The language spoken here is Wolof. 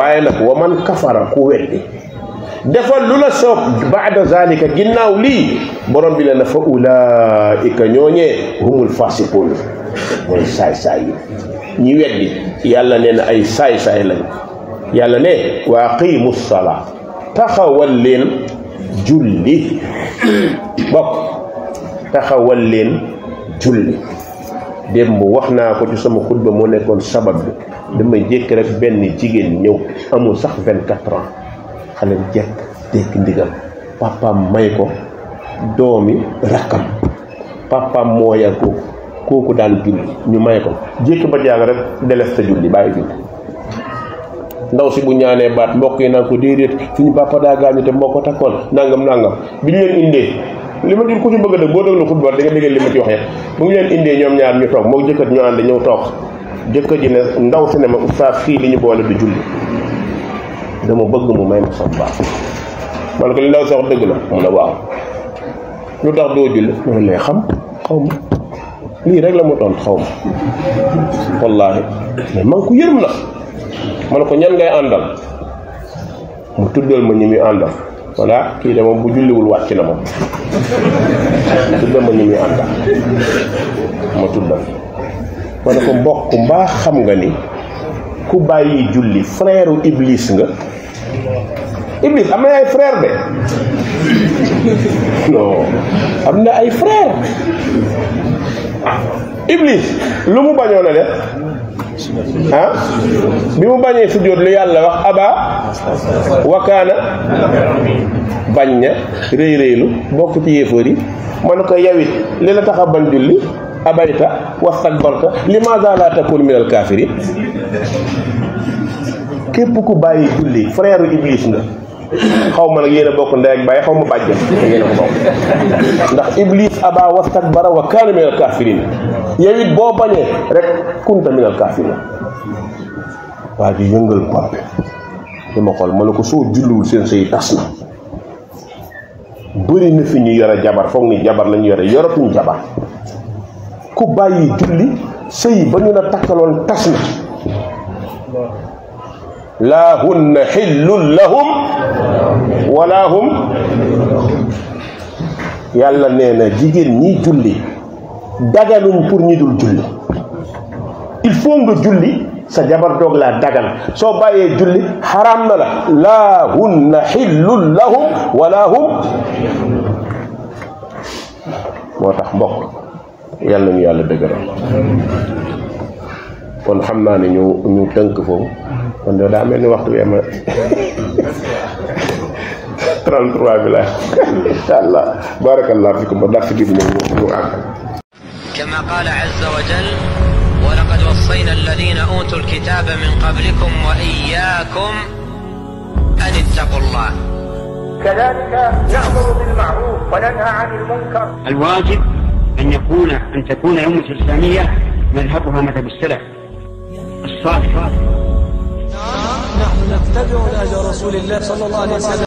waaye nag wa man kafara ku weddi defal lu la soob baada zalika ginnaaw lii borom bi ne na fa ulaika ñooñee humul fasiqun mooy saay-saay yi ñi weddi yàlla nee na ay saay-saay lañ yàlla ne wa aqimu salaa taxawal leen julli bokk taxawal leen julli démb wax naa ko ci sama xutba moo nekkoon sabab bi dama jékk rek benn jigéen ñëw amul sax vingt quatre ans xale bi jekk dégg ndigal papaam may ko doomi rakkam papaam moo yar kooku kooku daan julli ñu may ko jékk ba jàng rek delesta julli bàyyi julli ndaw si bu ñaanee baat mbokk yi naan ko déedéet suñu papa daa gaañu te moo ko takkoon nangam nangam bi ñu leen indee li ma jur ku ci bëgg dëgg boo déglu xutba di nga dégg li ma ci wax bu ngi leen indee ñoom ñaar ñu toog moo jëkkër ñu ànd ñëw toog jëkkër ji ne ndaw si ne ma oustaz fii li ñu boole du julli dama bëgg mu may ma sama baax ma ko li ndaw si wax dëgg la mu ne waaw lu tax doo julli ma ne lay xam xaw ma lii rek la mu doon xaw ma wallaahi mais man ko yërëm na ma ne ko ñan ngay àndal mu tuddal ma ñu muy àndal voilà kii de moom bu julliwul wàcc na moom tudda ma ñu muy ànda ma tuddal ma ne ko mbokk mbaa xam nga ni ku bàyyi julli frère u nga Iblis am na ay frère de am na ay frère Iblis lu mu bañoon a def ah bi mu bañee sujjóot lu yàlla wax aba wakaana bañ na rëy rëylu bokk ci yi man ko yawit li la tax a bañ julli abayta wastakbarta limaza la takun min al kafirin képp ku bàyyi julli frère Iblis nga xawma nak nag yéen a bokk ndey ak bàyyi xaw bokk ndax iblis aba wastakbara wa kana min al kafirin yow it boo rek kunta min al kafirin waa ji yëngal bopp ma xool ma ne ko soo julluwul seen na fi ñu yara jabar foog ni jabar lañu yara yoratuñ jabar ku bayyi julli sey bañu ñu la takkaloon tas na hunna lahum wala hum yàlla nee na jigéen ñi julli daganuñ pour ñu dul julli il faut nga julli sa jabar doog laa dagan soo bàyyee julli xaraam na la laa hunna xillun lahum wala hum moo tax mbokk yàlla ñu yàlla dëgëral kon xam naa ne ñu ñu tënk foofu kon daa mel ni waxtu bi ama بارك الله فيكم بارك الله فيكم كما قال عز وجل ولقد وصينا الذين أوتوا الكتاب من قبلكم وإياكم أن اتقوا الله كذلك نأمر بالمعروف وننهى عن المنكر الواجب أن يكون أن تكون أمة الإسلامية مذهبها مذهب السلف الصالح نحن نتبع الأجر رسول الله صلى الله عليه وسلم